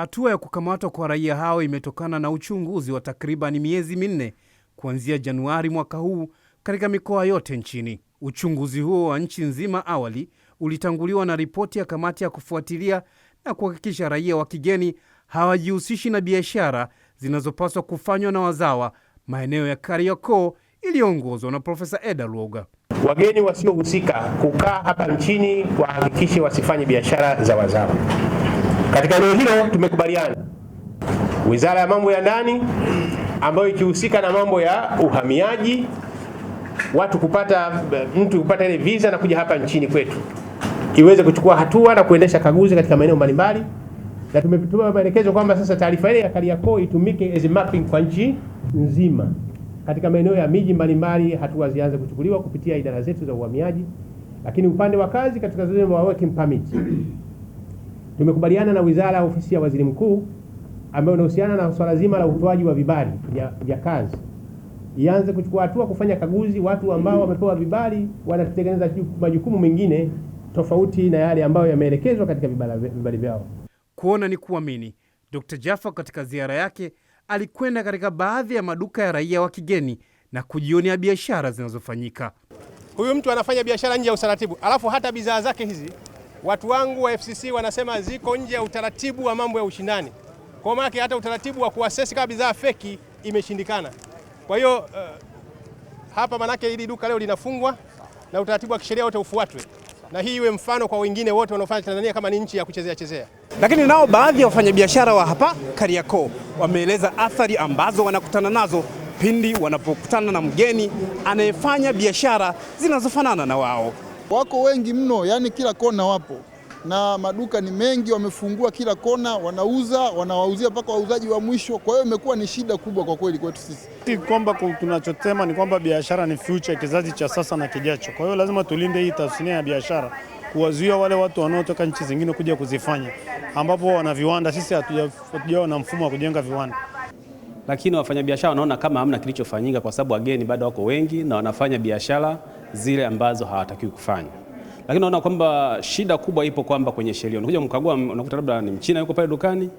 Hatua ya kukamatwa kwa raia hao imetokana na uchunguzi wa takriban miezi minne kuanzia Januari mwaka huu katika mikoa yote nchini. Uchunguzi huo wa nchi nzima awali ulitanguliwa na ripoti ya kamati ya kufuatilia na kuhakikisha raia wa kigeni hawajihusishi na biashara zinazopaswa kufanywa na wazawa maeneo ya Kariakoo iliyoongozwa na Profesa Eda Luoga. Wageni wasiohusika kukaa hapa nchini wahakikishe wasifanye biashara za wazawa. Katika eneo hilo tumekubaliana Wizara ya Mambo ya Ndani ambayo ikihusika na mambo ya uhamiaji, watu kupata mtu kupata ile visa na kuja hapa nchini kwetu, iweze kuchukua hatua na kuendesha kaguzi katika maeneo mbalimbali, na tumetoa maelekezo kwamba sasa taarifa ile ya Kariakoo itumike as mapping kwa nchi nzima katika maeneo ya miji mbalimbali, hatua zianze kuchukuliwa kupitia idara zetu za uhamiaji, lakini upande wa kazi katika zile wa working permit tumekubaliana na wizara ya ofisi ya waziri mkuu ambayo inahusiana na swala zima la utoaji wa vibali vya kazi ianze kuchukua hatua kufanya kaguzi watu ambao wamepewa vibali wanatengeneza majukumu mengine tofauti na yale ambayo yameelekezwa katika vibali vyao. Kuona ni kuamini. Dr. Jaffa katika ziara yake alikwenda katika baadhi ya maduka ya raia wa kigeni na kujionea biashara zinazofanyika. Huyu mtu anafanya biashara nje ya utaratibu, alafu hata bidhaa zake hizi watu wangu wa FCC wanasema ziko nje ya utaratibu wa mambo ya ushindani. Kwa maana hata utaratibu wa kuasesi kama bidhaa feki imeshindikana. Kwa hiyo uh, hapa manake hili duka leo linafungwa na utaratibu wa kisheria wote ufuatwe, na hii iwe mfano kwa wengine wote wanaofanya Tanzania kama ni nchi ya kuchezea chezea. Lakini nao baadhi ya wafanyabiashara wa hapa Kariakoo wameeleza athari ambazo wanakutana nazo pindi wanapokutana na mgeni anayefanya biashara zinazofanana na wao. Wako wengi mno, yani kila kona wapo na maduka ni mengi, wamefungua kila kona, wanauza wanawauzia mpaka wauzaji wa mwisho. Kwa hiyo imekuwa ni shida kubwa kwa kweli kwetu sisi. Si kwamba tunachosema ni kwamba biashara ni future kizazi cha sasa na kijacho. Kwa hiyo lazima tulinde hii tasnia ya biashara, kuwazuia wale watu wanaotoka nchi zingine kuja kuzifanya, ambapo wana viwanda. Sisi hatujawa na mfumo wa kujenga viwanda, lakini wafanyabiashara wanaona kama hamna kilichofanyika, kwa sababu wageni bado wako wengi na wanafanya biashara zile ambazo hawatakiwi kufanya. Lakini naona kwamba shida kubwa ipo kwamba kwenye sheria unakuja mkagua, unakuta labda ni Mchina yuko pale dukani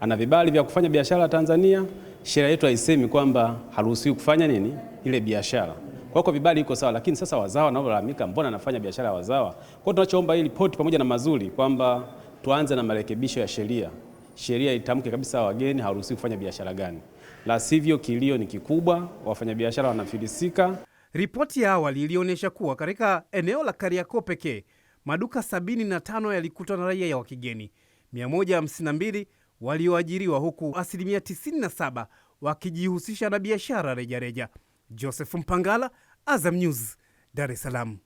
ana vibali vya kufanya biashara Tanzania, sheria yetu haisemi kwamba haruhusiwi kufanya nini ile biashara kwa kwa vibali iko sawa, lakini sasa wazawa nao walalamika, mbona anafanya biashara ya wazawa? Kwa tunachoomba hii ripoti pamoja na mazuri kwamba tuanze na marekebisho ya sheria, sheria itamke kabisa wageni haruhusiwi kufanya biashara gani, la sivyo kilio ni kikubwa, wafanyabiashara wanafilisika. Ripoti ya awali ilionyesha kuwa katika eneo la kariako pekee maduka 75 yalikutwa na raia ya wa kigeni 152 walioajiriwa, huku asilimia 97 wakijihusisha na biashara rejareja. Joseph Mpangala, Azam News, Dar es Salaam.